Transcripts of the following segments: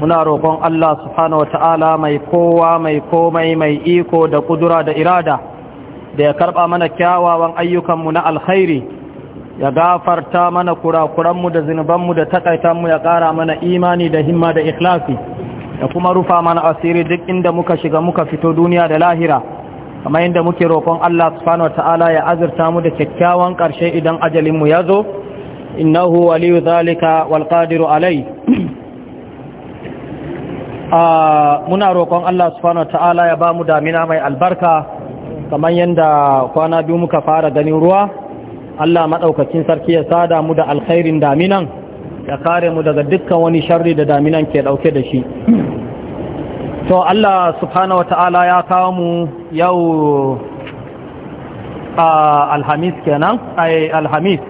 muna roƙon Allah subhanahu ta'ala mai kowa mai komai mai iko da ƙudura da irada da ya karɓa mana kyawawan ayyukanmu na alkhairi ya gafarta mana kurakuranmu da zinubanmu da takaitanmu ya ƙara mana imani da himma da ikhlasi da kuma rufa mana asiri duk inda muka shiga muka fito duniya da lahira kamar inda muke roƙon Allah subhanahu ta'ala ya azurta mu da kyakkyawan ƙarshe idan ajalinmu ya zo innahu waliyu zalika walqadiru alai. muna roƙon Allah subhanahu ta'ala ya ba mu damina mai albarka kamar yadda kwana biyu muka fara ganin ruwa Allah maɗaukakin sarki ya sada mu da alkhairin daminan ya kare mu daga dukkan wani sharri da daminan ke ɗauke da shi to Allah subhanahu ta'ala ya kawo mu yau alhamis kenan ai alhamis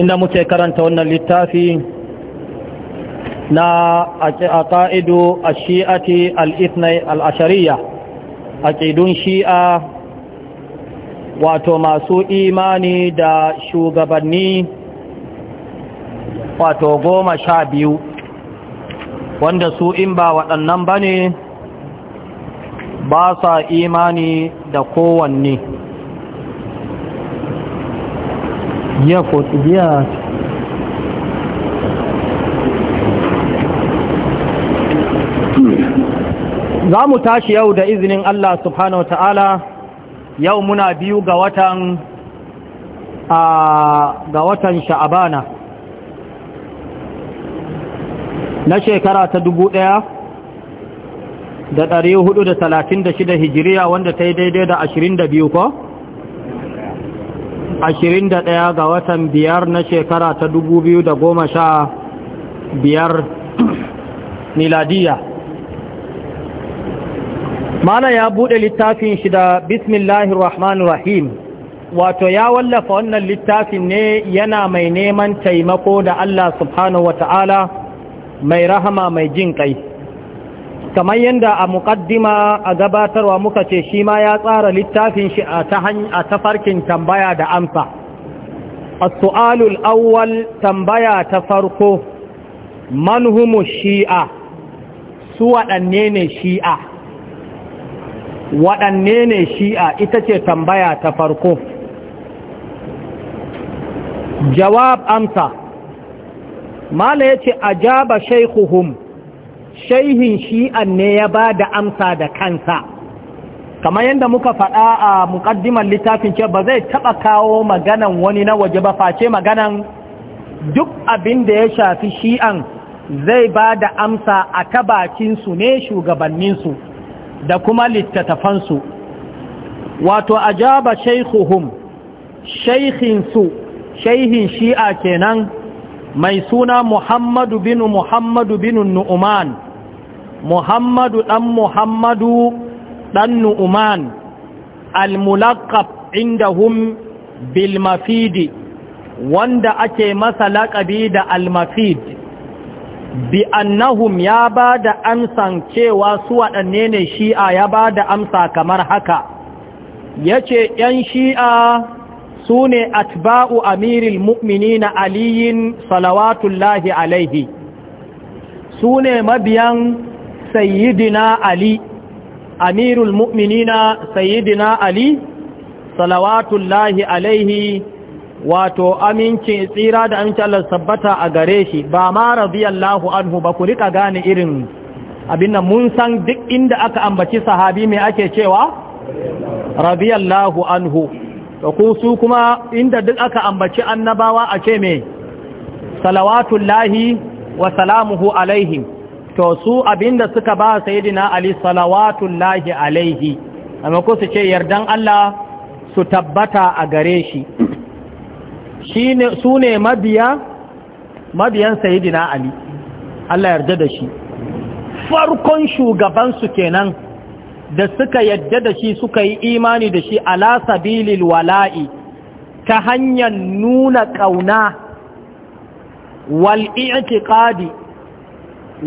inda muke karanta wannan littafi na aqaidu a shiati al-ithnay al shi'a wato masu imani da shugabanni wato goma sha biyu wanda su in ba waɗannan ba ne ba sa imani da kowanne ya kotu biya za mu tashi yau da izinin Allah subhanahu ta'ala yau muna biyu ga watan ga watan sha'abana na shekara ta dubu ɗaya da ɗari hudu da talatin da shida hijiriya wanda ta yi daidai da ashirin da biyu ko? ashirin da ɗaya ga watan biyar na shekara ta dubu biyu da goma sha biyar miladiya mana ya buɗe littafin shi da bismillahir rahmanir rahim wato ya wallafa wannan littafin ne yana mai neman taimako da Allah subhanahu wata'ala mai rahama mai jin kai kamar yadda a muƙaddima a gabatarwa muka ce shi ma ya tsara littafin shi a tafarkin tambaya da amsa a sualul awwal tambaya ta farko man humu shi'a su waɗanne ne shi'a waɗanne ne shi'a ita ce tambaya ta farko jawab amsa mala ya ce a jaba shaikuhun shaihin shi'an ne ya ba da amsa da kansa kamar yadda muka faɗa a mukaddiman littafin ce ba zai taɓa kawo maganan wani na waje ba face maganan duk abin da ya shafi shi'an zai ba da amsa a bakinsu ne shugabanninsu da kuma littattafansu wato ajaba shaykhuhum shaykhinsu shaihin shi'a kenan mai suna muhammadu bin muhammadu bin nu'uman muhammadu dan muhammadu dan nu'uman al-mulaqab indahum bil mafidi wanda ake masa laƙabi da al-mafid bi annahum ya ba da amsan cewa su waɗanne ne shi'a ya ba da amsa kamar haka ya ce ‘yan shi'a su ne atba'u amiril mu'mini na aliyin salawatullahi alaihi su ne mabiyan sayyidina ali amirul mu'mini na sayyidina ali salawatullahi alaihi wato aminci tsira da aminci Allah sabbata a gare shi ba ma radiyallahu anhu ba ku rika gane irin abin nan mun san duk inda aka ambaci sahabi mai ake cewa radiyallahu anhu to ku su kuma inda duk aka ambaci annabawa a ce me salawatullahi wa salamuhu alaihi, to su abinda suka ba sayyidina ali salawatullahi alaihi amma ko su ce yardan Allah su tabbata a gare shi su ne mabiya mabiyan sayidina ali Allah yarda da shi farkon shugabansu kenan da suka yarda da shi suka yi imani da shi ala sabilil wala'i ta hanyar nuna ƙauna wal'i'tiƙadi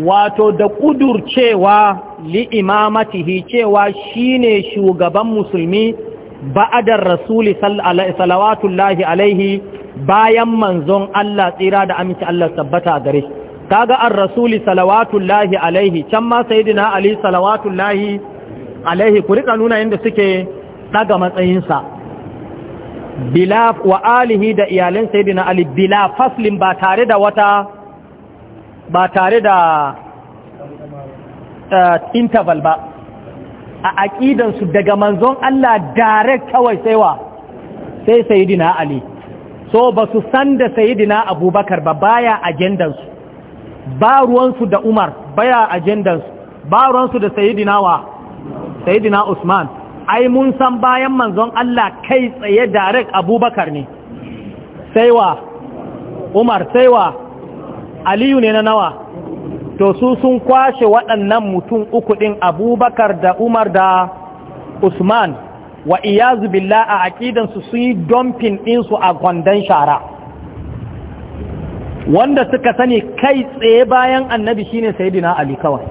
wato da ƙudurcewa li'imamatihi cewa shine shugaban musulmi ba'adar rasuli salawatullahi alaihi bayan manzon Allah tsira da aminci Allah tabbata a gare shi kaga ar rasuli salawatullahi alaihi can ma sayyidina ali salawatullahi alaihi ku rika nuna yanda suke daga matsayinsa bila wa alihi da iyalan sayyidina ali bila faslin ba tare da wata ba tare da eh, interval ba a su daga manzon Allah direct kawai wa sai sayyidina ali so ba su san da sayidina abubakar ba baya agendansu ba ruwansu da umar baya agendansu ba ruwansu da sayidina wa sayidina usman ai mun san bayan manzon Allah kai tsaye direct abubakar ne sai wa umar sai wa aliyu ne na nawa to su sun kwashe waɗannan mutum uku ɗin abubakar da umar da usman wa iyazu billah a aƙidansu su yi domfin ɗinsu a kwandon shara wanda suka sani kai tsaye bayan annabi shine sayidina ali kawai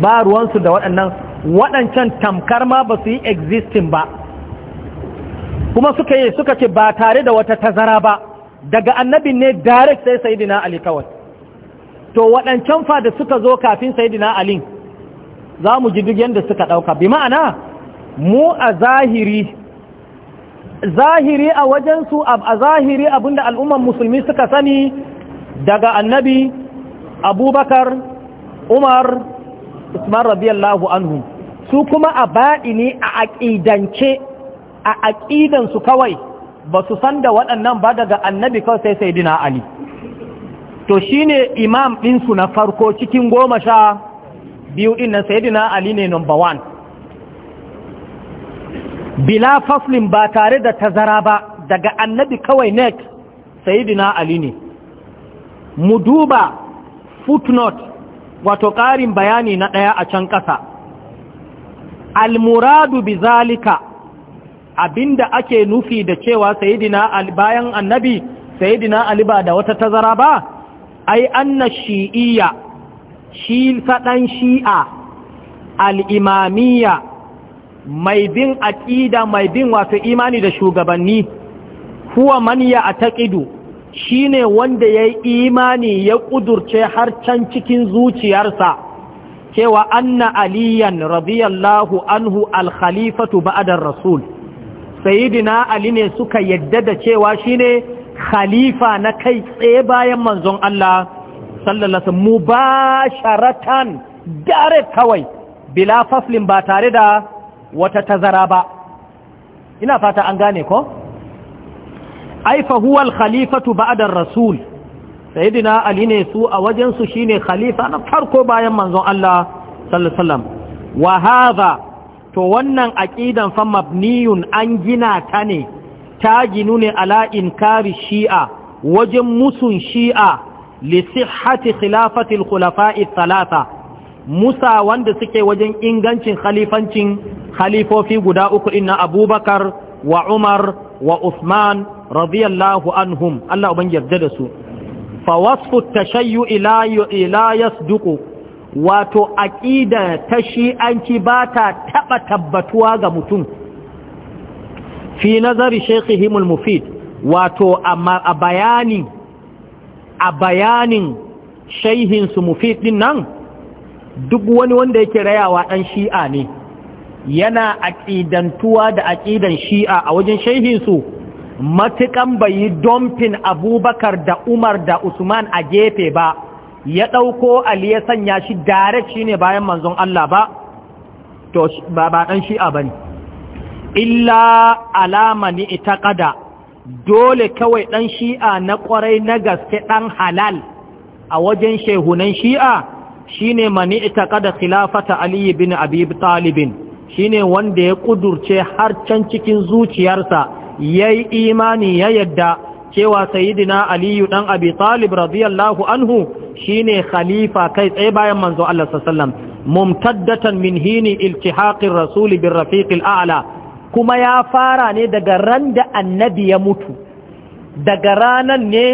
ba ruwansu da waɗannan waɗancan tamkar ma ba su yi existing ba kuma suka yi suka ce ba tare da wata tazara ba daga annabi ne direct sai sayidina ali kawai to waɗancan fa da suka zo kafin sayidina ali za mu ji duk yadda suka ɗauka bi ma'ana mu a zahiri zahiri a wajensu a zahiri abinda al'umman musulmi suka sani daga annabi abubakar umar usman rabiyallahu anhu su kuma a ne a aƙidance a aƙidansu kawai ba su san da waɗannan ba daga annabi kawai sai sai dina ali to shine imam ɗinsu na farko cikin goma sha biyu ɗin na sai dina ali ne number one bila faslin ba tare da tazara ba daga annabi kawai nek sayidina ali ne mu duba footnote wato ƙarin bayani na ɗaya a can ƙasa almuradu bi zalika abinda ake nufi da cewa sayidina bayan annabi sayidina ali ba da wata tazara ba ai anna shi'iyya shi saɗan shi'a al imamiyya mai bin aƙida mai bin wato imani da shugabanni huwa a taƙidu ataqidu shine wanda yayi imani ya ƙudurce har can cikin zuciyarsa cewa anna aliyan radiyallahu anhu al-khalifatu ba'da rasul sayyidina ali ne suka yadda da cewa shine khalifa na kai tsaye bayan manzon Allah sallallahu alaihi mubasharatan direct kawai bila faslin ba tare da wata tazara ba ina fata an gane ko ai fa huwa al-khalifatu ba'da ar-rasul sayyidina ali ne su a wajen su shine khalifa na farko bayan manzon Allah sallallahu alaihi wasallam wa to wannan aqidan fa mabniyun an gina ta ne ta ginu ne ala inkari shi'a wajen musun shi'a li sihhati khilafati al-khulafa'i thalatha musa wanda suke wajen ingancin khalifancin khalifofi guda uku inna abubakar wa umar wa usman radiyallahu anhum Allah uban yarda da su fa wasfu tashayyu ila ila yasduqu wato aqida ta shi'anci ba ta taba tabbatuwa ga mutum fi nazari shaykhihim al-mufid wato a bayani a bayanin shaihinsu mufid din nan duk wani wanda yake rayawa ɗan shi'a ne yana aƙidantuwa da aƙidan shi'a a wajen shaihinsu matuƙan bai yi domfin abubakar da umar da usman a gefe ba ya ɗauko ali ya sanya shi dare shi ne bayan manzon Allah ba to ba ɗan shi'a ba ne illa alama ni ita ƙada dole kawai ɗan shi'a na ƙwarai na gaske ɗan halal a wajen shehunan shi'a shine mani itaqada khilafata ali ibn abi talib shine wanda ya kudurce har can cikin zuciyarsa yayi imani ya yadda cewa sayyidina ali dan abi talib radiyallahu anhu shine khalifa kai tsaye bayan manzo Allah sallallahu alaihi wasallam mumtaddatan min hini iltihaqir rasul bir rafiqil a'la kuma ya fara ne daga ran da annabi ya mutu daga ranan ne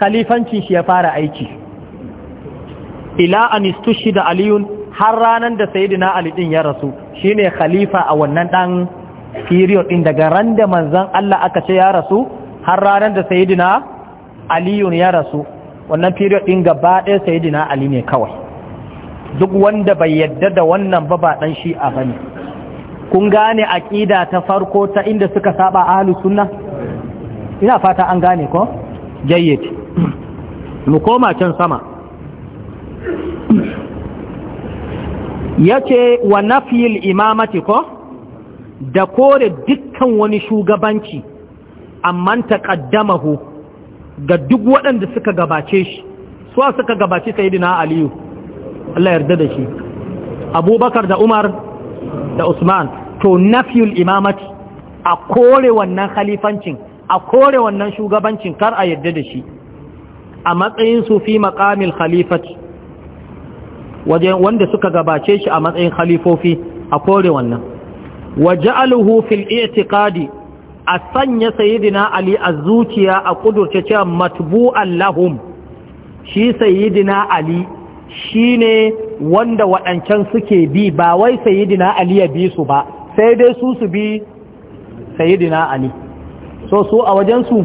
khalifancin shi ya fara aiki ila an istushida aliyun har ranar da sayyidina ali din ya rasu shine khalifa a wannan dan period din daga ran da manzan Allah aka ce ya rasu har ranar da sayyidina aliyun ya rasu wannan period din gaba ɗaya sayyidina ali ne kawai duk wanda bai yadda da wannan ba ba dan a bane kun gane aqida ta farko ta inda suka saba ahlus sunna ina fata an gane ko jayyid mu koma can sama ya ce wa nafiyil imamati ko da kore dukkan wani shugabanci amma ta hu ga duk waɗanda suka gabace shi suwa suka gabace sayidina aliyu Allah yarda da shi abubakar da umar da usman to nafiyul imamati a kore wannan khalifancin a kore wannan shugabancin kar a yarda da shi a matsayin Sufi fi maƙamil khalifati wanda suka gabace shi a matsayin khalifofi a kore wannan waja'aluhu fil i'tiqadi a sanya sayyidina ali a zuciya a kudurce cewa matbu'an lahum shi sayyidina ali shine wanda waɗancan suke bi ba wai sayyidina ali ya bi su ba sai dai su su bi sayyidina ali so su a wajen su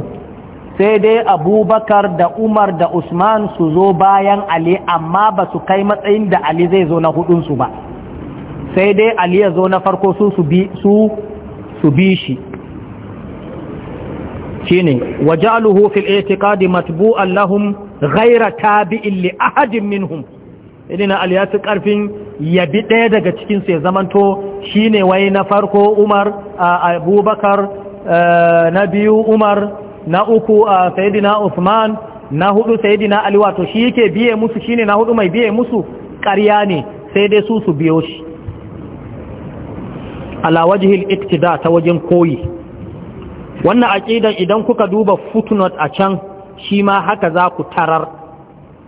sai dai abubakar da umar da usman su zo bayan ali amma ba su kai matsayin da ali zai zo na hudunsu ba sai dai ali ya zo na farko su su bi shi shine wajaluhu fil i'tiqadi matbu'an lahum ghayra tabi'in li ahadin minhum ya ci karfin bi daya daga cikin sai ya zamanto shine wai na farko Umar Abubakar eh, na biyu Umar na uku a sayidina Usman na hudu sayidina Ali wato shi yake biye musu shine na hudu mai biye musu ƙarya ne sai dai su su biyo shi ala wajhil iktida ta wajen koyi wannan aqidan idan kuka duba footnote a can shi ma haka za ku tarar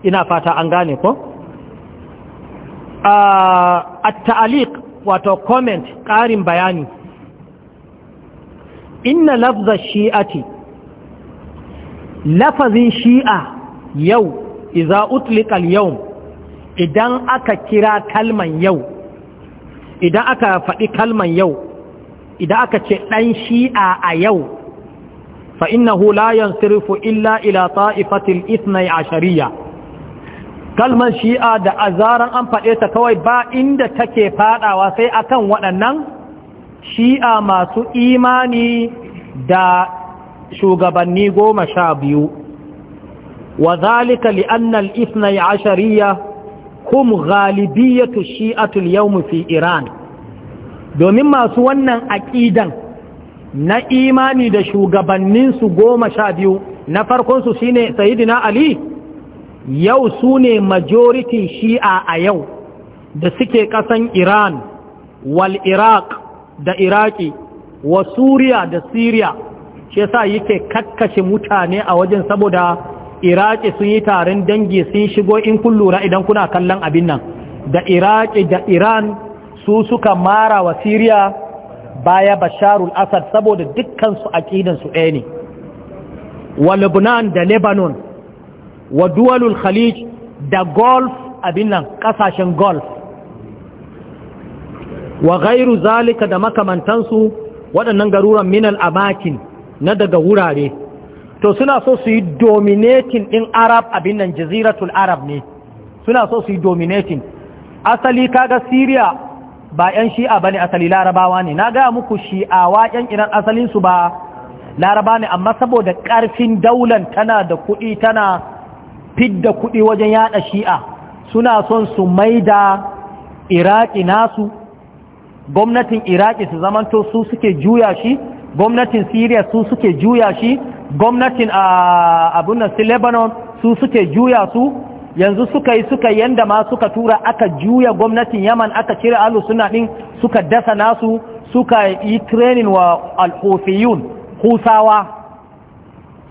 ina fata an gane ko at-ta'liq wato comment ƙarin bayani inna lafza shi'ati lafazin shi'a yau iza utlikal yau idan aka kira kalman yau idan aka faɗi kalman yau idan aka ce ɗan shi'a a yau fa innahu la illa ila ta'ifatil a shari'a, kalman shi'a da azaran an faɗe ta kawai ba inda take faɗawa sai akan waɗannan shi'a masu imani da shugabanni goma sha biyu wa zalika li annal isnai ashariya kum ghalibiyatu shi'atul yawm fi iran domin masu wannan aƙidan, na imani da shugabanninsu goma sha biyu na farkonsu shine sayidina ali yau su ne majoritin shi'a a yau da suke ƙasan iran wal iraq da iraki wa suriya da siriya shi yasa yake kakkashe mutane a wajen saboda iraki sun yi taron dangi sun shigo in kun lura idan kuna kallon abin nan da iraki da iran su suka mara wa siriya baya basharul asad saboda dukkansu aƙidansu ɗaya ne wa lebanon da lebanon wa duwalul khalij da golf abin nan kasashen golf wa gairu zalika da makamantansu waɗannan garuran minal amakin na daga wurare to suna so su yi dominating din arab abin nan jaziratul arab ne suna so su yi dominating asali kaga syria ba yan shi'a bane asali larabawa ne na ga muku shi'awa yan iran asalin su ba laraba ne amma saboda karfin daular tana da kuɗi tana fidda kuɗi wajen yada shi'a suna son su maida iraki nasu gwamnatin iraki su zamanto su suke juya shi gwamnatin syria su suke juya shi gwamnatin ah, abunan su lebanon su suke juya su yanzu suka yi suka yanda ma suka tura aka juya gwamnatin yaman aka cire alu suna ɗin suka dasa nasu suka yi trenin wa alofiyun husawa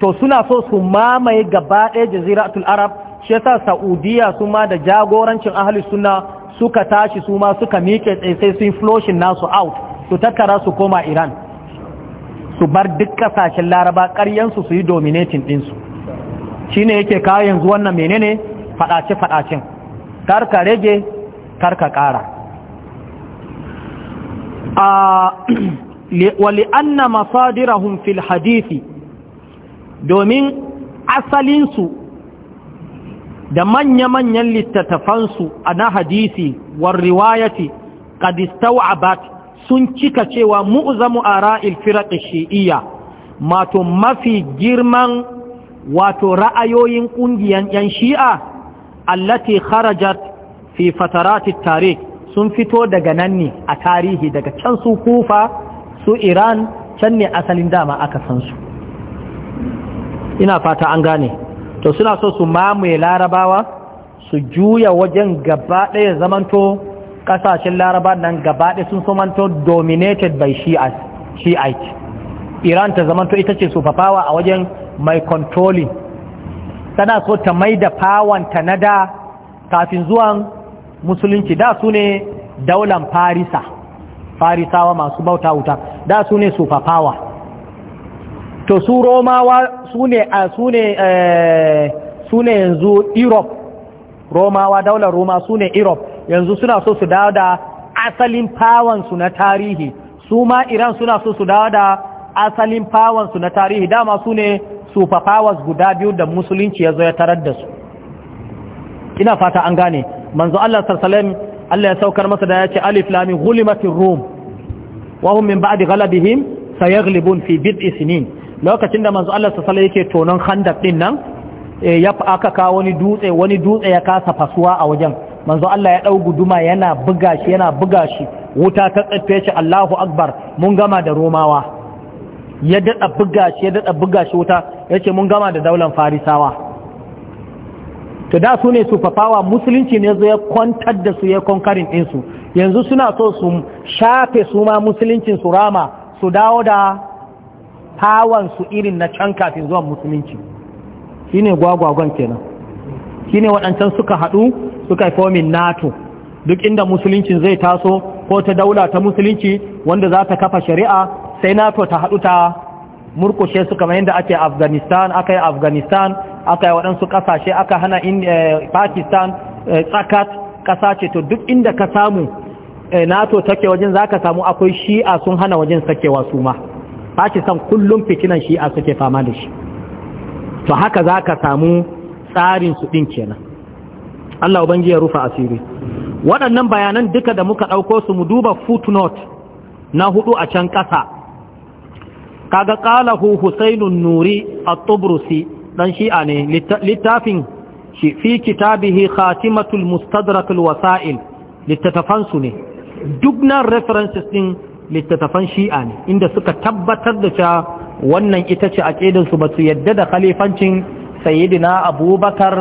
to suna so su mamaye gaba ɗaya jaziratul arab shi yasa sa'udiyya su ma da jagorancin ahli sunna suka tashi su ma suka miƙe tsaye sai sun floshin nasu out su tattara su koma iran su bar duk kasashen laraba karyansu su yi dominating ɗinsu shi ne yake kawo yanzu wannan menene faɗace-faɗacen karka rage karka ƙara wali anna masadirahum fil hadithi domin asalinsu da manya-manyan littattafansu a na hadisi war riwayati kadistau istaw'abat sun cika cewa mu'zamu ara'il firaq shi'iyya mato mafi girman wato ra'ayoyin kungiyan yan shi'a allati kharajat fi fatarati tarikh sun fito daga nan ne a tarihi daga can su kufa su iran can ne asalin dama aka san su ina fata an gane to suna so su mamaye larabawa su juya wajen gaba ɗaya zamanto kasashen laraba nan gabaɗe sun manto dominated by shi'ite iran ta zamanto ita ce sufafawa a wajen mai controlling tana so ta mai da fawanta na da kafin zuwan musulunci da su ne daular farisa farisawa masu bauta wuta da su ne fafawa to su romawa su ne a su ne eh, su ne yanzu europe romawa daular roma su ne europe yanzu suna so su dawo da asalin fawansu na tarihi su ma iran suna so su dawo da asalin fawansu na tarihi dama su ne super powers guda biyu da musulunci ya zo ya tarar da su ina fata an gane manzo Allah sallallahu Allah ya saukar masa da ya ce alif lam ghulimatir rum wa hum min ba'di sayar Libun fi bid'i sinin lokacin da manzo Allah sallallahu yake tonon handak din nan eh, ya aka kawo wani dutse wani dutse ya kasa fasuwa a wajen manzo Allah ya ɗau guduma yana buga shi yana buga shi wuta ta tsaffe shi Allahu akbar mun gama da romawa ya daɗa buga shi ya daɗa buga shi wuta ya mun gama da daular farisawa to da su ne su fafawa musulunci ne zai kwantar da su ya konkarin ɗinsu yanzu suna so su shafe su ma musuluncin su rama su dawo da hawan su irin na can kafin zuwan musulunci shine gwagwagon kenan shine waɗancan suka haɗu suka fomin nato duk inda musulunci zai taso ko ta daula ta musulunci wanda za ta kafa shari'a sai nato ta haɗu ta murkushe su kamar yadda ake afghanistan aka yi afghanistan aka yi waɗansu ƙasashe aka hana eh, pakistan eh, tsakat ƙasa ce to duk inda ka samu eh, nato take wajen za ka samu akwai shi'a sun hana wajen sakewa su ma pakistan kullum fitinan shi'a suke fama da shi to haka za ka samu tsarin su kenan Allah ubangiji ya rufa asiri waɗannan bayanan duka da muka ɗauko su mu duba footnote na hudu a can ƙasa kaga ƙalahu husainun nuri at-tubrusi ɗan shi'a ne littafin shi fi kitabihi khatimatul mustadrakul wasail littattafansu ne duk nan references ɗin littattafan shi'a ne inda suka tabbatar da cewa wannan ita ce ba su basu yadda da khalifancin sayyidina abubakar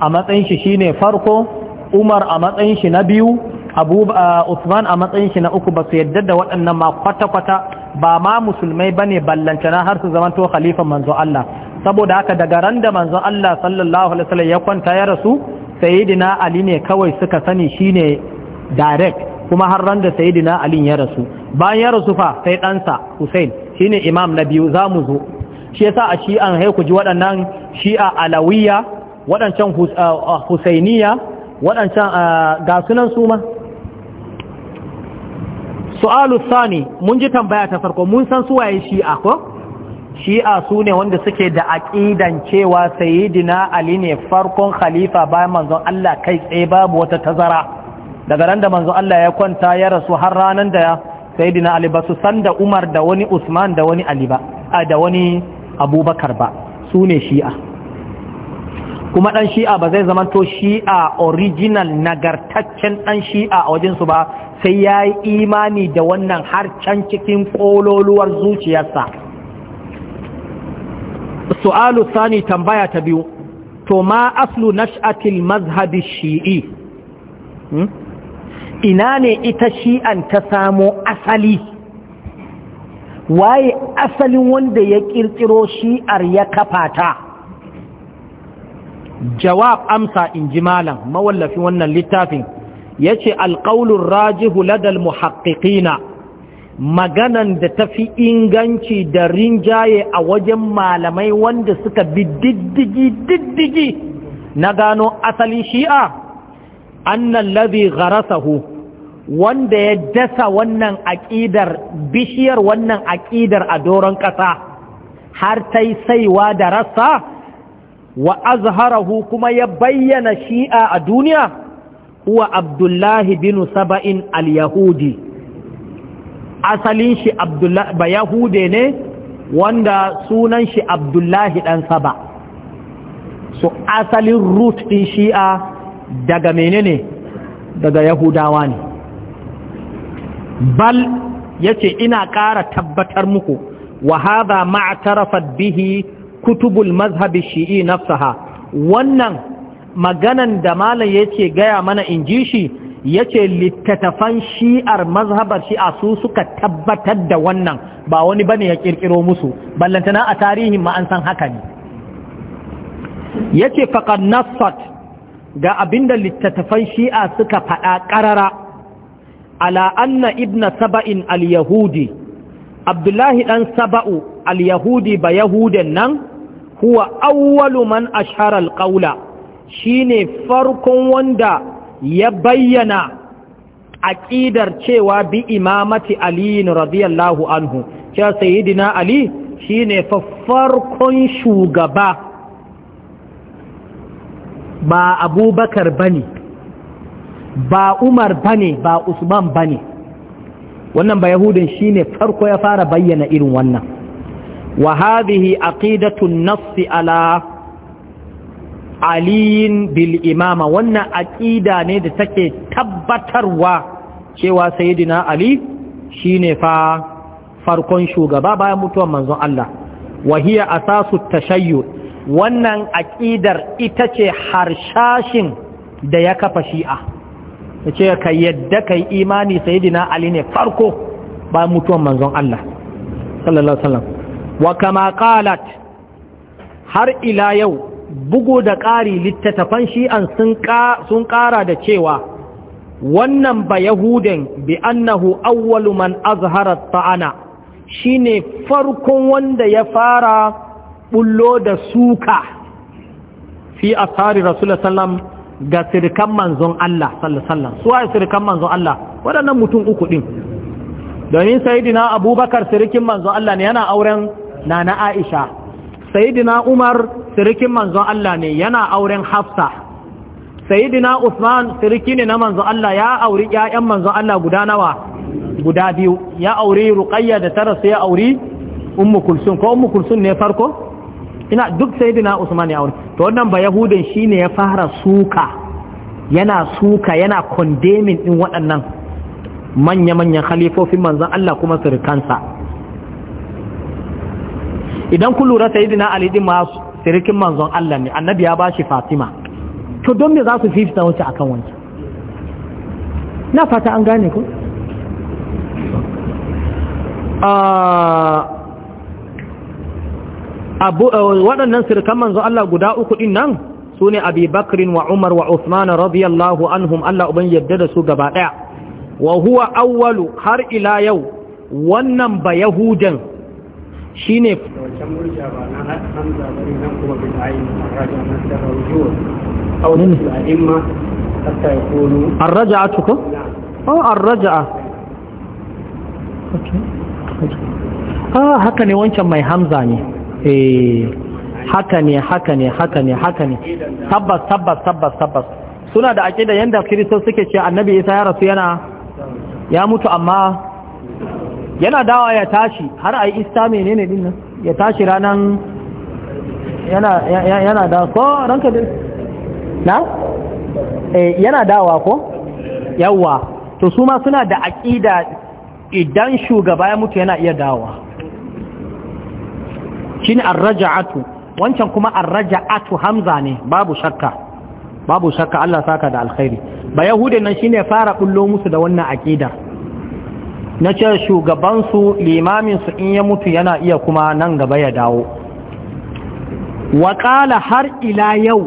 a matsayin shi shine farko umar a matsayin shi na biyu uh, usman a matsayin shi na uku ba su yadda da waɗannan ma kwata-kwata ba ma musulmai ba ne ballantana har su zamanto khalifan manzo Allah saboda haka daga ran da manzo Allah sallallahu alaihi wasallam ya kwanta ya rasu sayyidina ali ne kawai suka sani shine direct kuma har ran da sayyidina ali ya rasu bayan ya rasu fa sai ɗansa Hussein shine imam na biyu za mu zo shi yasa a shi'an sai ku ji waɗannan shi'a alawiya waɗancan husainiya waɗancan ga sunan su ma su'alu sani mun ji tambaya ta farko mun san su suwaye shi'a ko shi'a su ne wanda suke da aƙidan cewa sayidina ali ne farkon khalifa bayan manzon Allah kai tsaye babu wata tazara daga ran da manzon Allah ya kwanta ya rasu har ranar da sayidina ali ba su san da umar da wani usman da wani ali ba da wani abubakar ba su ne shi'a kuma ɗan shi'a ba zai zamanto shi'a original nagartaccen ɗan shi'a a wajensu ba sai ya yi imani da wannan har can cikin ƙololuwar zuciyarsa su'alu sani tambaya ta biyu to ma aslu nash'atil mazhabi shi'i hmm? ina ne ita shi'an ta samo asali waye asalin wanda ya kirkiro shi'ar ya kafa ta jawab amsa in ji malam mawallafi wannan littafin ya ce alƙaunin rajihu ladal muhaƙiƙina maganan da ta fi inganci da rinjaye a wajen malamai wanda suka bi diddigi diddigi na gano asalin shi'a annan labi garasahu wanda ya dasa wannan aƙidar bishiyar wannan aƙidar a doron ƙasa har ta yi saiwa da rasa wa azharahu kuma ya bayyana shi'a a duniya huwa abdullahi bin saba'in al-yahudi asalin shi ba yahude ne wanda sunan shi abdullahi ɗan saba so asalin root ɗin shi'a daga menene daga yahudawa ne bal yace ina ƙara tabbatar muku wa hadha ma'tarafat bihi kutubul mazhabi shi'i nafsaha wannan maganan da malam yace gaya mana inji shi yace littattafan shi'ar mazhabar shi'a su suka tabbatar da wannan ba wani bane ya kirkiro musu ballantana a tarihin ma an san haka ne yace faqad nassat ga abinda littattafan shi'a suka faɗa ƙarara ala anna ibna saba'in al-yahudi abdullahi dan saba'u al-yahudi ba yahudan nan huwa awwalu man ashara al-qawla shine farkon wanda ya bayyana aqidar cewa bi imamati ali radiyallahu anhu cewa sayyidina ali shine farkon shugaba ba abubakar bane ba umar bane ba usman bane wannan ba yahudin shine farko ya fara bayyana irin wannan wa hadhihi aqidatu an-nass ala aliyin bil imama wannan aqida ne da take tabbatarwa cewa sayyidina ali shine fa farkon shugaba bayan mutuwar manzon Allah wa hiya asasu tashayyu wannan aqidar ita ce harshashin da ya kafa shi'a ya ce ka yadda ka imani sayidina ali ne farko bayan mutuwan manzon Allah sallallahu wasallam wa kama qalat har ila yau bugu da ƙari littattafan shi'an sun ƙara da cewa wannan ba yahudin bi annahu awwalu man azhara ta'ana shine farkon wanda ya fara bullo da suka fi asari rasulullah sallallahu ga sirkan manzon Allah sallallahu su sirkan manzon Allah waɗannan mutum uku din domin Sayyidina abubakar sirkin manzon Allah ne yana auren nana Aisha Sayyidina Umar sirkin manzon Allah ne yana auren Hafsa Sayyidina Usman sirki ne na manzon Allah ya auri ƴaƴan manzon Allah guda nawa guda biyu ya auri Ruqayya da tara sai ya auri Ummu Kulsum ko Ummu Kulsum ne farko ina duk sayyidina usman ya aure to wannan ba yahudin shine ya fara suka yana suka yana condemning din waɗannan manya-manyan khalifofin manzon Allah kuma sirkansa idan ku lura sayyidina ali din ma sirkin manzon Allah ne annabi ya bashi fatima to don me za su fifita wuce akan wancan na fata an gane ku ah, Eh, waɗannan sirkan manzo Allah guda uku ɗin nan su ne abi bakrin wa umar wa usman radiyallahu anhum Allah uban yadda da su gaba ɗaya wa huwa awwalu har ila yau wannan ba yahudan shi ne an raja'a tuku? oh an raja'a ah haka ne wancan mai hamza ne eh haka ne haka ne haka ne haka ne tabbas tabbas tabbas tabbas suna da aqida yanda kristo suke ce annabi isa ya rasu yana ya mutu amma yana dawa ya tashi har ai ista menene din nan ya tashi ranan yana yana da ko ranka da na eh yana dawa ko yawa to su ma suna da aqida idan shugaba ya mutu yana iya dawa shine ar-raja'atu wancan kuma ar-raja'atu hamza ne babu shakka babu shakka Allah saka da alkhairi ba yahudin nan shine fara bullo musu da wannan aqida na ce shugaban su limamin su in ya mutu yana iya kuma nan gaba ya dawo wa qala har ila yau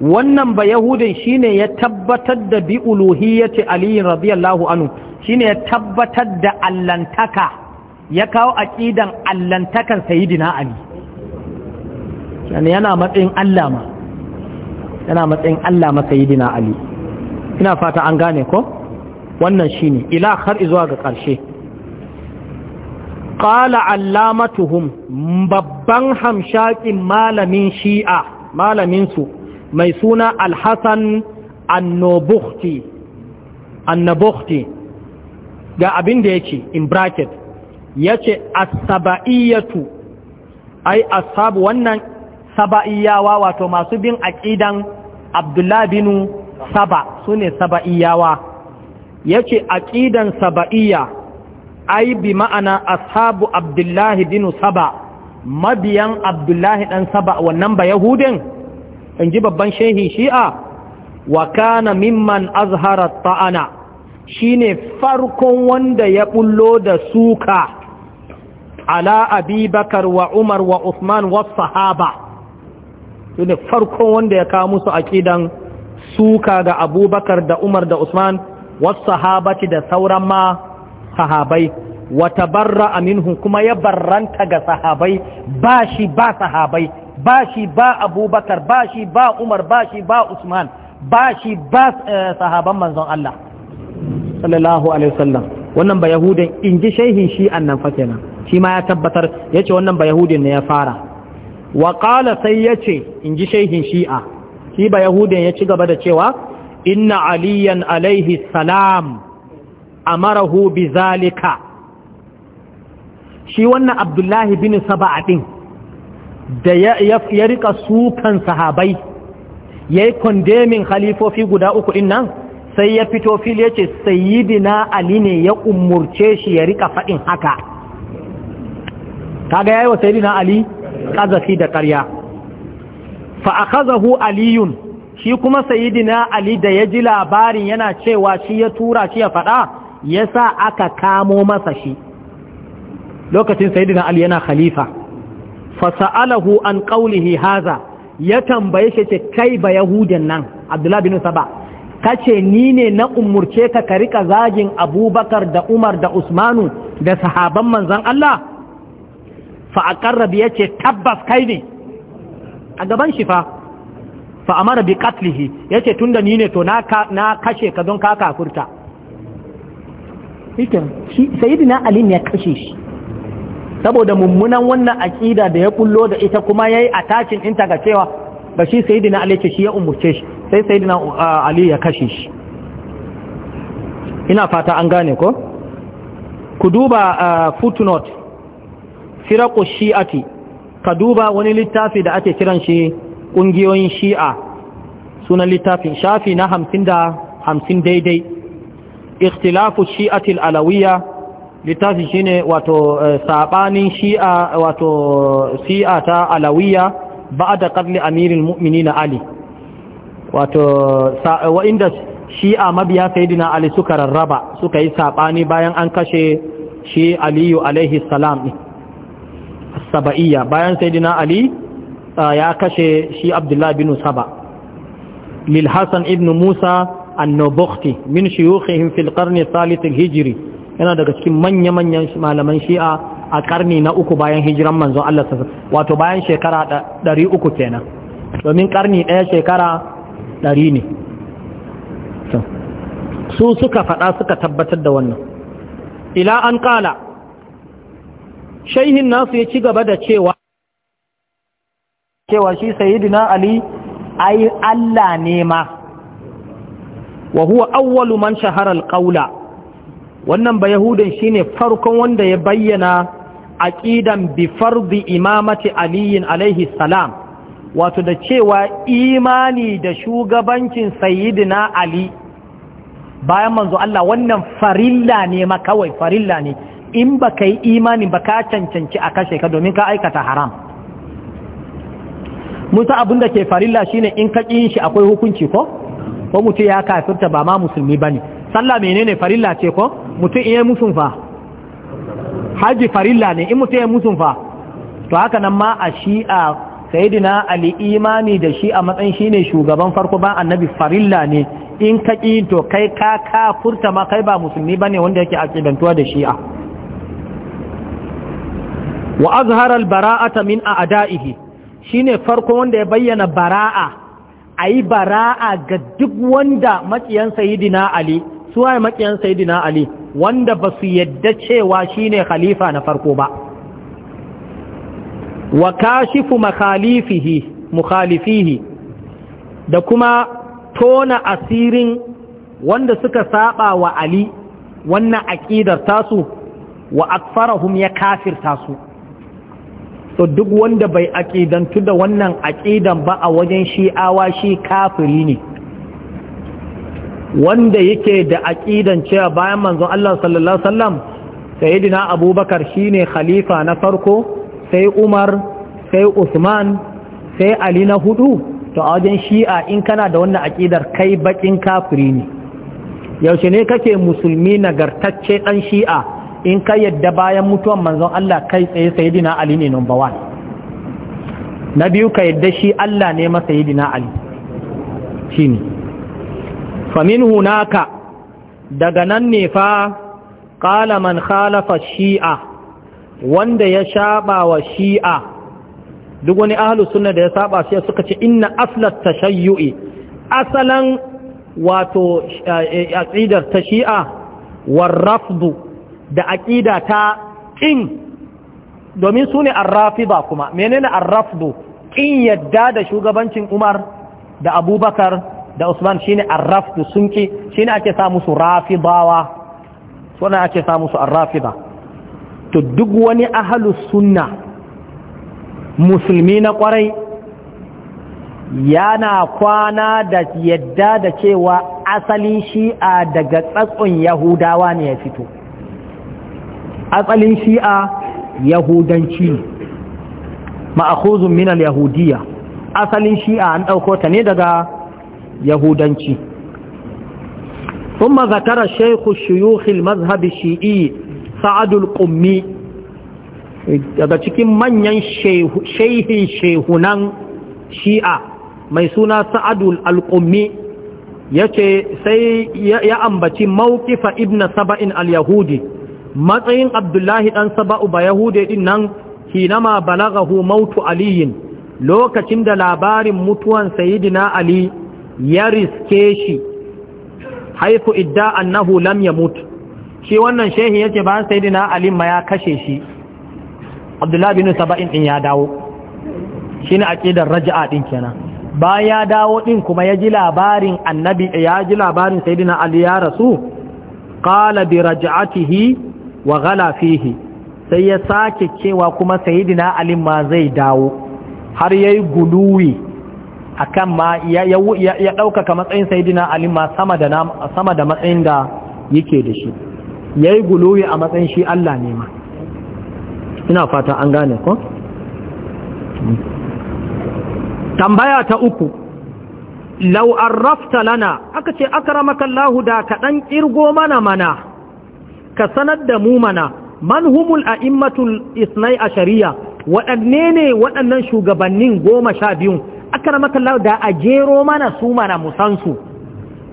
wannan ba yahudin shine ya tabbatar da bi uluhiyyati ali radiyallahu anhu shine ya tabbatar da allantaka ya kawo a aqidan allantakan sayyidina ali yani yana matsayin Allah ma yana matsayin Allah ma sayyidina ali ina fata an gane ko wannan shi ne, ila har izuwa ga ƙarshe qala allamatuhum babban hamshakin malamin shi'a malaminsu mai suna alhassan annabukhti annabukhti ga abin da yake in bracket ya ce asaba'iyatu ai asabu wannan saba'iyawa wato masu bin aƙidan abdullahi bin saba su ne saba'iyawa ya ce aƙidan saba'iya ai bi ma'ana asabu abdullahi binu saba mabiyan abdullahi ɗan saba wannan ba yahudin in ji babban shehi shi'a wa kana mimman azhara ta'ana shine farkon wanda ya bullo da suka ala Abibakar, bakar wa umar wa usman wa sahaba farkon wanda ya kawo musu aqidan suka ga abubakar da umar da usman wa sahabati da sauran ma sahabai wa tabarra minhum kuma ya barranta ga sahabai ba shi ba sahabai ba shi ba abubakar ba ba umar ba ba usman ba ba eh, sahaban manzon Allah sallallahu alaihi wasallam wannan ba yahudin in ji shaihin shi annan fa kenan shi ma ya tabbatar ce wannan ba yahudin ne ya fara wa sai yace in ji shaihin shi'a shi ba yahudin ya ci gaba da cewa inna aliyan alaihi salam amarahu bi zalika shi wannan abdullahi bin saba'a ɗin da ya rika sukan sahabai yayi kondemin khalifofi guda uku din nan sai ya fito fili ya ce sayyidina ali ne ya umurce shi ya rika faɗin haka kaga yayi wa sayyidina ali kazafi da ƙarya fa akhazahu aliyun shi kuma sayyidina ali da ya ji labarin yana cewa shi ya tura shi ya faɗa ya sa aka kamo masa shi lokacin sayyidina ali yana khalifa fa sa'alahu an qawlihi haza ya tambaye shi ce kai ba yahudin nan abdullahi bin saba kace ni ne na umurce ka ka rika zagin abubakar da umar da usmanu da sahaban manzan Allah Fa a fa'aƙarra ya ce tabbas kai ne a gaban shi fa fa mara bi katlihi ya ce tun da ni ne to na kashe ka don ka kafurta sayidina alim ya kashe shi saboda mummunan wannan aƙida da ya kullo da ita kuma ya yi a tashin inta ga cewa ba shi sayidina Ali ce shi ya umurce shi sai sai dina uh, ali ya kashe shi ina fata an gane ko ku duba uh, footnote firaqu shi'ati ka duba wani littafi da ake kiran shi ƙungiyoyin shi'a sunan littafin shafi na hamsin da hamsin daidai ikhtilafu shi'ati alawiyya littafi shine wato uh, saɓanin shi'a wato shi'a ta alawiyya ba'da amirin amirul mu'minin ali wato wa'inda shi'a mabiya saidina ali suka rarraba suka yi saɓani bayan an kashe shi aliyu alaihi salam saba'iyya bayan saidina ali uh, ya kashe shi abdullahi bin saba lil hasan ibn musa annobukti min shiyukhihim fil qarni thalith hijiri yana daga cikin manya-manyan malaman shi'a a karni na uku bayan hijiran manzon Allah wato bayan shekara 300 kenan domin karni ɗaya shekara ɗari ne su suka faɗa suka tabbatar da wannan ila an ƙala shaihin nasu ya ci gaba da cewa cewa shi sayidina ali ai Allah ne ma wa huwa awwalu man shahara alqaula wannan ba yahudan shine farkon wanda ya bayyana aqidan bi fardi imamati aliyin alaihi salam wato da cewa imani da shugabancin sayyidina ali bayan manzo Allah wannan farilla ne ma kawai farilla ne in ba ka yi imani ba ka cancanci a kashe ka domin ka aikata haram musa abin da ke farilla shine in ka ƙin shi akwai hukunci ko ko mutum ya kafirta ba ma musulmi ba ne sallah menene farilla ce ko mutum iya musun fa haji farilla ne in mutum iya musun fa to haka nan ma a shi'a sayidina ali imani da shi a matsayin shine shugaban farko ba annabi farilla ne in ka ƙi to kai ka kafurta ma kai ba musulmi bane wanda yake aqidantuwa da shi'a wa azhara al-bara'ata min a'da'ihi shine farko wanda ya bayyana bara'a ayi bara'a ga duk wanda makiyan sayidina ali suwaye makiyan sayidina ali wanda ba su yadda cewa shine khalifa na farko ba wa kashifu makhalifihi mukhalifihi da kuma tona asirin wanda suka saba wa ali wannan aqidar tasu wa akfarahum ya kafirta su to duk wanda bai aqidantu da wannan aqidan ba a wajen shi'awa shi kafiri ne wanda yake da aqidan cewa bayan manzon Allah sallallahu alaihi wasallam sayyidina Abubakar shine khalifa na farko sai umar sai usman sai ali na hudu to a wajen shi'a in kana da wannan aƙidar kai bakin kafiri ne yaushe ne kake musulmi nagartacce ɗan shi'a in ka yadda bayan mutuwan manzon Allah kai tsaye sayyidina ali ne number one na biyu ka yadda shi Allah ne masa sayyidina ali shi ne min hunaka daga nan ne fa ƙalaman khalafa shi'a wanda ya shaba wa shi'a duk wani ahlus sunna da ya saba shi suka ce inna aslat tashayyu'i asalan wato eh, aqidar ta shi'a warrafdu da aqida ta kin domin sune arrafida kuma menene arrafdu kin yadda da shugabancin Umar da Abubakar da Usman shine arrafdu sunki shine ake sa musu rafidawa suna ake sa musu arrafida to duk wani ahalus sunna musulmi na kwarai yana kwana da yadda da cewa asalin shi'a daga tsatson yahudawa ne ya fito asalin shi'a yahudanci ma'akuzun minal yahudiya asalin shi'a an ɗauko ta ne daga yahudanci ثم Zakarar شيخ الشيوخ المذهب Shi'i. sa'adul ƙummi daga cikin manyan shehin shehunan shi'a mai suna sa'adul alƙummi ya ce sai ya ambaci mawkifa ibn saba'in al-yahudi matsayin abdullahi ɗan saba'u ba yahudi ɗin nan Kinama balagahu mautu aliyin lokacin da labarin mutuwan sayidina ali ya riske shi haifu idda annahu lam ya mutu shi wannan shehi yace ba sayyidina ali ma ya kashe shi abdullahi bin saba'in din ya dawo shi ne aqidar raj'a din kenan ba ya dawo din kuma ya ji labarin annabi ya ji labarin sayyidina ali ya rasu qala bi raj'atihi wa ghala fihi sai ya sake cewa kuma sayyidina ali ma zai dawo har yayi guluwi akan ma ya ɗaukaka matsayin sayyidina ali ma sama da sama da matsayin da yake da shi ya yi guluwi a matsayin shi Allah ne ma ina fata an gane ko? tambaya ta uku lau arrafta lana aka ce akramakallahu da kaɗan ƙirgo mana mana ka sanar da mu mana man humul a'immatul isnai a shari'a waɗanne ne waɗannan shugabannin goma sha biyun akramakallahu da a jero mana su mana musansu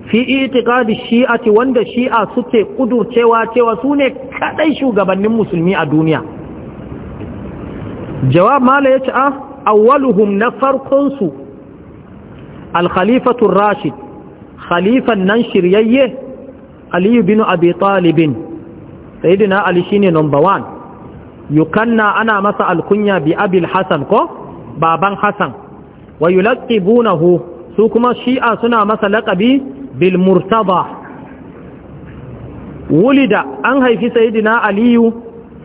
fi itikadi shi'ati wanda shi'a suke kudurcewa cewa su ne kadai shugabannin musulmi a duniya jawab mala ya ce a ah, awwaluhum na farkonsu alkhalifatun rashid khalifan nan shiryayye aliyu bin abi talibin sayidina ali shine number one yukanna ana masa alkunya bi abil hasan ko baban hasan wa yulaqibunahu su kuma shi'a suna masa laƙabi bilmurtaba wulida an haifi sayidina aliyu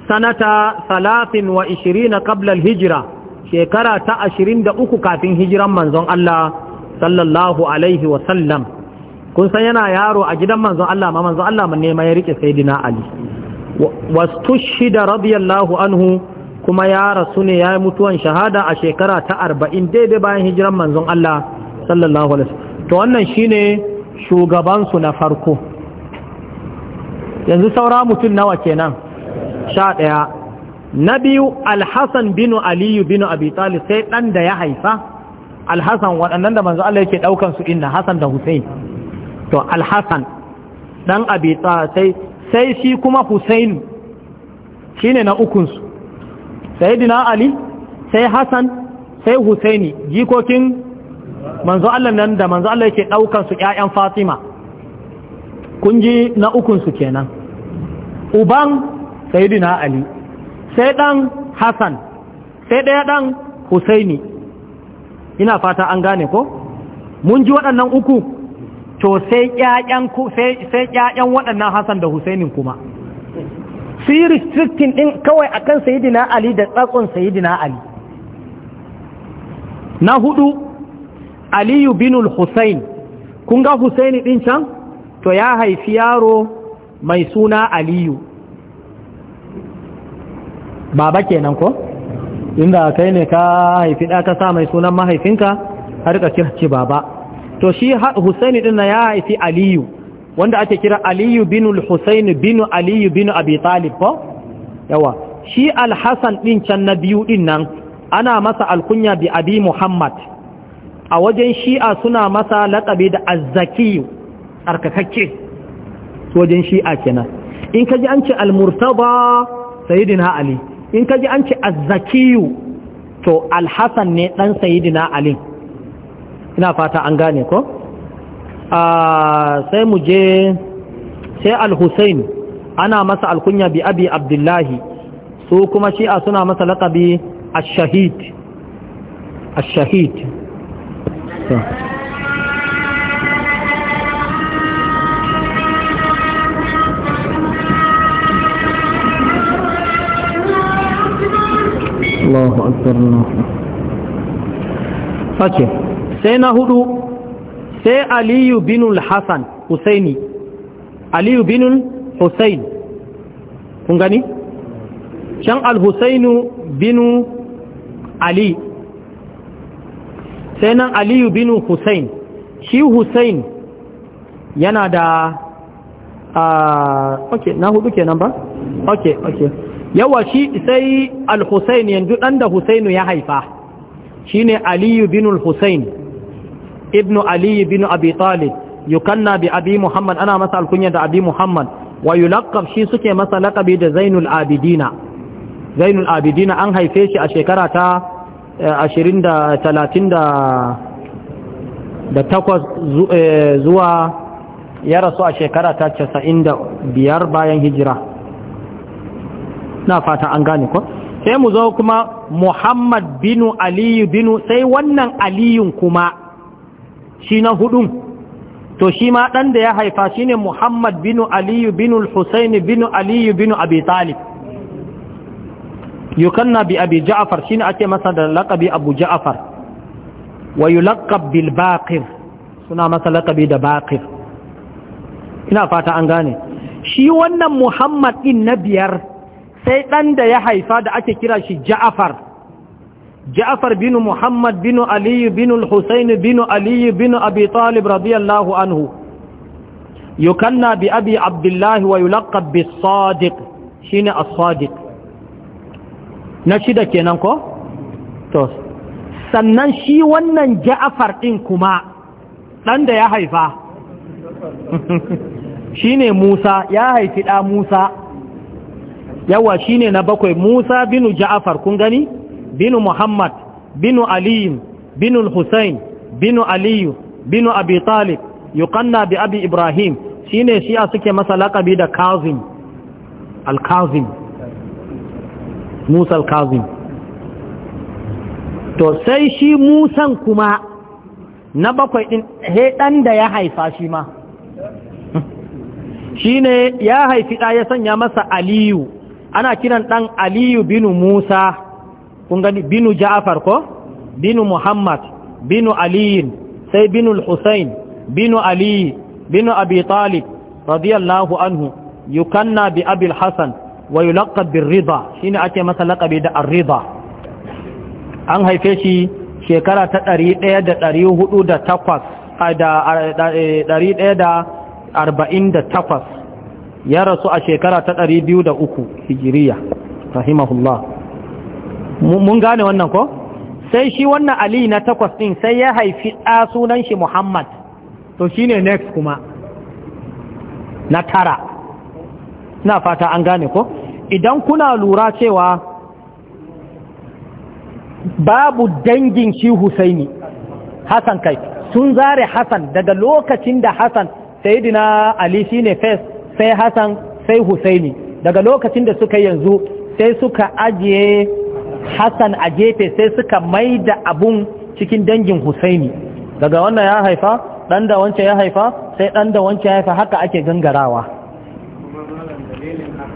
sanata salatin wa ishirin na qablal hijira shekara ta ashirin da uku kafin hijiran manzon Allah sallallahu alaihi wasallam kun san yana yaro a gidan manzon Allah ma manzon Allah man nema ya rike sayidina ali wastushhida radiyallahu anhu kuma ya rasu ne ya yi mutuwan shahada a shekara ta arba'in daidai bayan hijiran manzon Allah sallallahu alaihi wasallam to wannan shine shugabansu na farko yanzu saura mutum nawa kenan sha ɗaya na biyu alhassan binu aliyu binu Abitali sai ɗan da ya haifa alhassan waɗannan da manzo Allah yake ɗaukan su inna hassan da hussein to alhassan ɗan Abitali sai sai shi kuma hussein ne na ukunsu sai ali sai hassan sai husaini jikokin manzo Allah nan da manzo Allah yake daukan su ƴaƴan Fatima kun ji na ukun su kenan uban sayyidina Ali sai dan Hassan sai ɗaya dan Husaini ina fata an gane ko mun ji waɗannan uku to sai ƴaƴan sai sai ƴaƴan waɗannan Hassan da Husainin kuma sai restricting ɗin kawai akan sayyidina Ali da tsakon sayyidina Ali na hudu aliyu binul husain kun ga husaini ɗin can to ya haifi yaro mai suna aliyu baba kenan ko inda kai ne ka haifi ɗa ka sa mai sunan mahaifinka har ka kirce baba to shi husaini ɗin ya haifi aliyu wanda ake kira aliyu binul husaini binu aliyu binu abi talib ko yawa shi alhassan ɗin can na biyu ɗin nan ana masa alkunya bi abi muhammad a wajen shi'a suna masa laƙabi da azzakiyu tsarkakakke wajen shi'a kenan in ka ji an ce almurtaba sayidina ali in ka ji an ce azzakiyu to alhassan ne ɗan sayidina ali ina fata an gane ko sai mu je sai alhussein ana masa alkunya bi abi abdullahi su kuma shi'a suna masa laƙabi ashahid ashahid sa Allahu akbar Allahu sai na hudu sai Aliyu binul Hassan Husaini Aliyu binul Husain kun gani can al-Husainu binu Ali sai nan aliyu bin hussein shi hussein yana da ok na hudu kenan ba ok ok yawa shi sai al-hussein yanzu dan da husainu ya haifa shine aliyu bin hussein ibnu aliyu bin abi talib yukanna bi abi muhammad ana masa alkunya da abi muhammad wa yulaqab shi suke masa lakabi da zainul abidina zainul abidina an haife shi a shekara ta ashirin da talatin da takwas eh, zuwa ya rasu a shekara ta casa'in da biyar bayan hijira na fata an gane ko sai mu zo kuma muhammad binu aliyu binu sai wannan aliyun kuma shi na hudun to shi ma ɗan da ya haifa shine muhammad binu aliyu binu husaini binu aliyu binu abi talib yukanna bi abi ja'far shine ake masa da laqabi abu ja'far wa yulaqab bil baqir suna masa laqabi da baqir ina fata an gane shi wannan muhammad din na biyar sai dan da ya haifa da ake kira shi ja'far ja'far bin muhammad bin ali bin al-husayn bin ali bin abi talib radiyallahu anhu yukanna bi abi abdullah wa yulaqab bis sadiq shine as-sadiq na shida kenan ko? to sannan shi wannan ja'afar ɗin kuma ɗan da ya haifa shi musa ya haifi ɗa musa yawa shine na bakwai musa binu ja'far kun gani binu muhammad binu aliyu binu hussein binu aliyu binu abi talib yuqanna bi abi ibrahim shine a suke masa laqabi da kazim al-kazim musa kazim to sai shi musan kuma na bakwai ɗin ɗan da ya haifa shi ma shi ne ya haifi ɗa ya sanya masa aliyu ana kiran ɗan aliyu binu musa kun gani binu ja'afar ko binu muhammad binu aliyin sai binu hussein binu aliyu binu abi talib radiyallahu anhu yukanna bi abil hassan wa yulaqab birrida shine ake masa laqabi da riba. an haife shi shekara ta da 148 ya rasu a shekara ta 203 hijiriya rahimahullah mun gane wannan ko sai shi wannan ali na takwas din sai ya haifi ɗa sunan shi muhammad to shine next kuma na tara na fata an gane ko idan kuna lura cewa babu dangin shi husaini hassan kai sun zare hassan daga lokacin da hassan sayidina ali shine fes sai hassan sai husaini daga lokacin da suka yanzu sai suka ajiye hassan a gefe sai suka mai da abun cikin dangin husaini daga wannan ya haifa dan da wancan ya haifa sai dan da wancan ya haifa haka ake gangarawa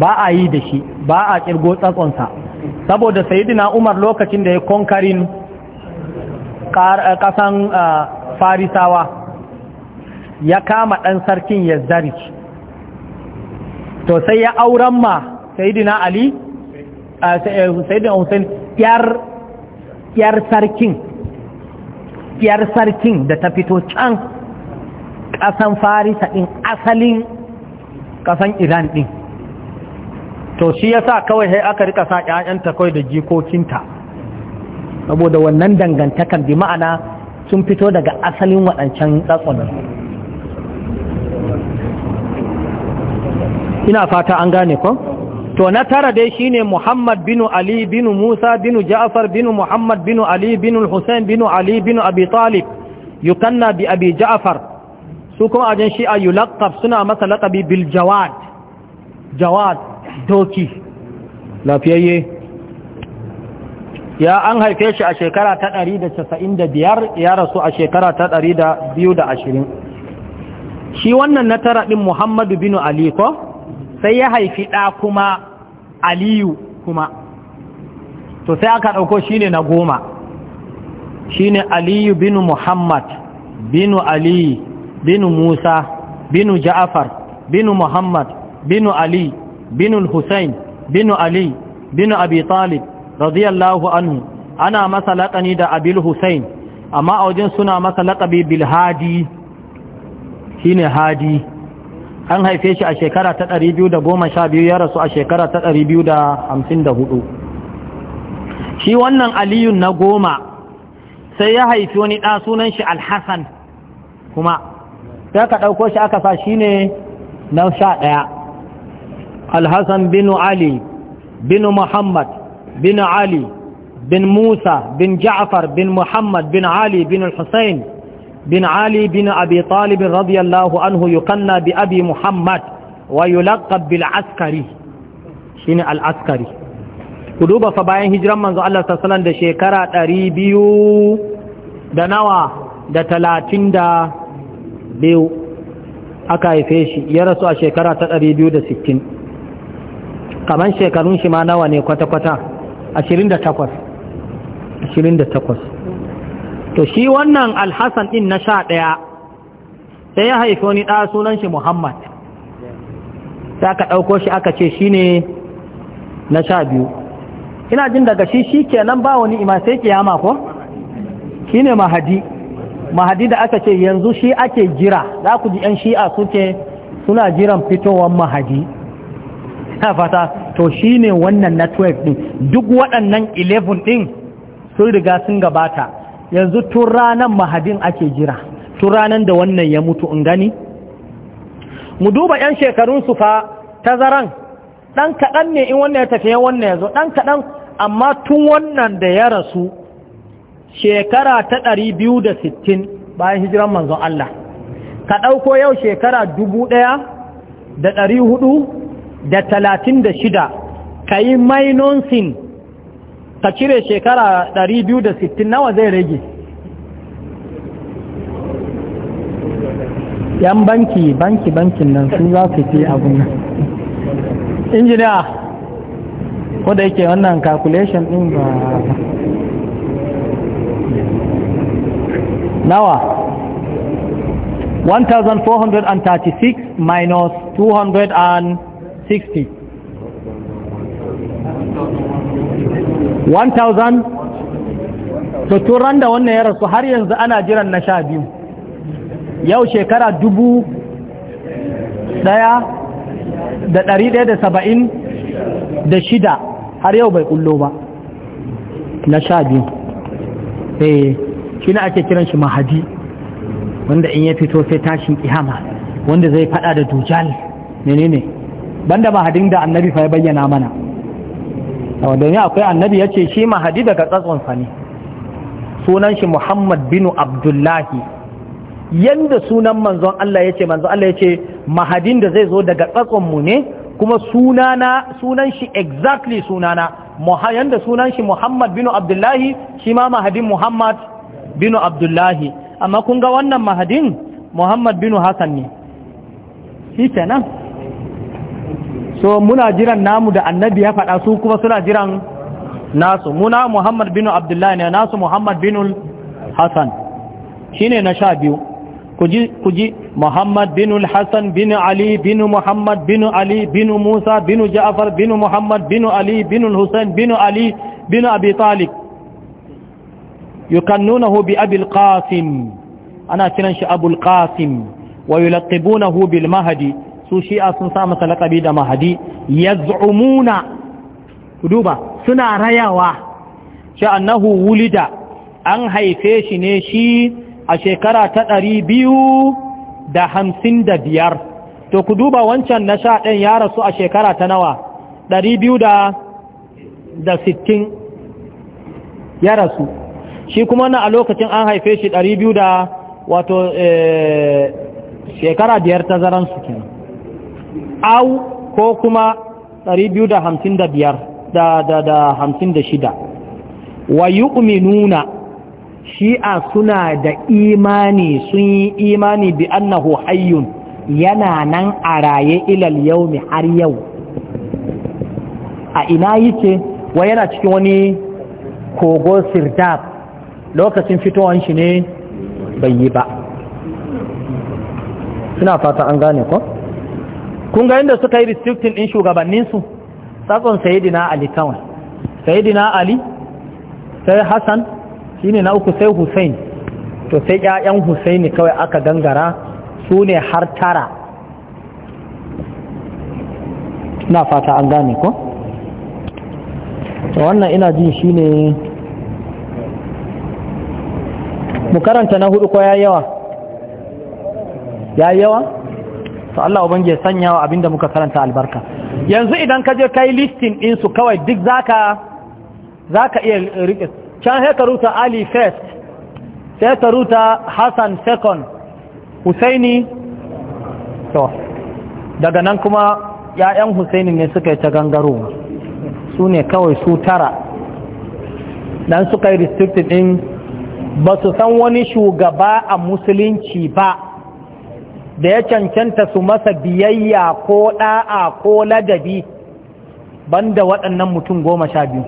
ba a yi da shi ba a kirgo tsatsonsa saboda sayidina umar lokacin da ya konkarin eh, kasan eh, farisawa ya kama ɗan sarkin ya zari, to sai ya auren ma sayidina ali eh, sayidina hussein yar sarkin yar sarkin da ta fito can ƙasan farisa ɗin asalin ƙasan iran ɗin to shi yasa kawai sai aka rika sa ƴaƴanta kawai da jikokinta saboda wannan dangantakan bi ma'ana sun fito daga asalin waɗancan tsatsonin ina fata an gane ko to na tara dai shine Muhammad bin Ali bin Musa bin Ja'far bin Muhammad bin Ali bin Hussein bin Ali bin Abi Talib yukanna bi Abi Ja'far su kuma ajin shi a yulaqab suna masa laqabi bil Jawad Jawad doki lafiyayye ya an haife shi a shekara ta ɗari da biyar ya rasu a shekara ta da 220 shi wannan na tara ɗin muhammadu binu aliko sai ya haifi ɗa kuma aliyu kuma to sai aka ɗauko shi ne na goma shi ne aliyu binu muhammad binu aliyu binu musa binu ja'afar binu muhammad binu aliyu bin al-Husayn bin Ali bin Abi Talib radiyallahu anhu ana masa laƙani da Abil Husayn amma a wajen suna masa laƙabi Bilhadi, Hadi shine Hadi an haife shi a shekara ta 212 ya rasu a shekara ta 254 shi wannan Aliyu na goma sai ya haifi wani ɗa sunan shi Al-Hassan kuma sai ka ɗauko shi aka sa shine na sha ɗaya الحسن بن علي بن محمد بن علي بن موسى بن جعفر بن محمد بن علي بن الحسين بن علي بن أبي طالب رضي الله عنه يقنى بأبي محمد ويلقب بالعسكري شين العسكري قدوبة فباين هجرا منذ الله صلى الله عليه وسلم ده شكرا تريبيو ده نوى ده تلاتين ده biyu aka haife shi ya rasu a shekara ta ɗari biyu da sittin. kamar shekarun shi ma nawa ne kwata-kwata 28 to shi wannan alhassan din na sha ɗaya sai ya haifi wani ɗa sunan shi muhammad sai aka ɗauko shi aka ce shi ne na sha biyu ina jin daga shi shi kenan ba wani ima sai kiyama ko shi ne mahadi mahadi da aka ce yanzu shi ake jira za ku ji 'yan shi'a suke suna jiran fitowar mahadi na fata to ne wannan network din duk waɗannan 11 ɗin sun riga sun gabata yanzu tun ranar mahadin ake jira tun ranar da wannan ya mutu in gani mu duba 'yan shekarunsu fa tazaran ɗan kaɗan ne in wannan ya tafi yan wannan ya zo ɗan kaɗan amma tun wannan da ya rasu shekara ta ɗari biyu da sittin bayan hijiran manzon Allah ka ɗauko yau shekara dubu ɗaya da hudu da talatin da shida ka yi mainonsin ka cire shekara ɗari biyu da sittin nawa zai rage yan banki banki bankin nan sun za su fi abin nan injiniya ko da yake wannan calculation ɗin ba nawa 1436 minus 200 and 1000 to turan da wannan ya rasu har yanzu ana jiran na sha biyu yau shekara dubu daya da dari daya da saba'in da shida har yau bai kullo ba na sha biyu eh shi na ake kiran shi mahadi wanda in ya fito sai tashin kiyama wanda zai fada da dujal menene banda mahadin da annabi fa ya bayyana mana ya akwai annabi yace ce shi mahadi daga tsatsonsa ne sunan shi muhammad bin abdullahi yanda sunan manzon Allah ya ce Allah ya mahadin da zai zo daga tsatsonmu ne kuma sunana sunan shi exactly sunana yanda sunan shi muhammad bin abdullahi shi ma mahadin muhammad bin abdullahi amma kun ga wannan mahadin muhammad bin hassan ne shi kenan so muna jiran namu da annabi ya faɗa su kuma suna jiran nasu muna muhammad bin abdullahi ne nasu muhammad bin hassan shine na sha biyu kuji kuji muhammad bin hassan bin ali bin muhammad bin ali bin musa bin ja'afar bin muhammad bin ali bin hussein bin ali bin abi talib yukannunahu bi abi qasim ana kiran shi abul qasim wa yulaqibunahu bil mahdi su shi'a sun sa masa laƙabi da mahadi ya zu'umuna duba suna rayawa shi annahu wulida an haife shi ne shi a shekara ta ɗari biyu da hamsin da biyar to ku duba wancan na sha ɗin ya rasu a shekara ta nawa ɗari biyu da sittin ya rasu shi kuma na a lokacin an haife shi ɗari biyu da wato eh, shekara biyar ta zaransu kenan au ko kuma 255 da da da 56 wa yu'minuna shi'a suna da imani sun yi imani bi annahu hayyun yana nan a raye ilal yaumi har yau a ina yake wa yana cikin wani kogo sirdab lokacin fitowar shi ne bai yi ba suna fata an gane ko? kun ga inda suka yi restricting din shugabanninsu tsakon sayidina ali kawai sayidina ali sai hassan shine na uku sai hussein to sai ƴaƴan hussein kawai aka gangara su ne har tara na fata an gane ko to wannan ina jin shine mu karanta na hudu ko ya yawa ya yawa to Allah ubangi ya sanya wa abinda muka karanta albarka yanzu idan ka je kai listing din su kawai duk zaka zaka iya rike can sai ka ruta Ali first sai ka ruta Hassan second Husaini to daga nan kuma 'ya'yan Husaini ne suka yi ta gangaro su ne kawai su tara dan suka yi restricted din ba su san wani shugaba a musulunci ba da ya cancanta su masa biyayya ko ɗa'a ko ladabi banda waɗannan mutum goma sha biyu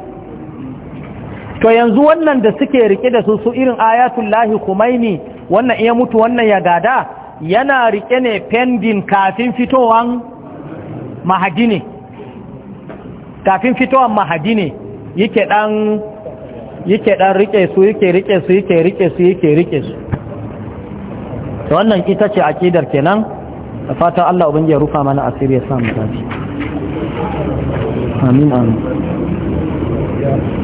to yanzu wannan da suke rike da su su irin ayatullahi kumaini wannan iya mutu wannan ya gada yana rike ne pendin kafin fitowan mahadi ne kafin fitowan mahadi ne yake ɗan yake rike su yake rike su yake rike su yake rike su to wannan ita ce akidar kenan da fatan Allah ubin ya rufa mana asiri ya samu dace amin amin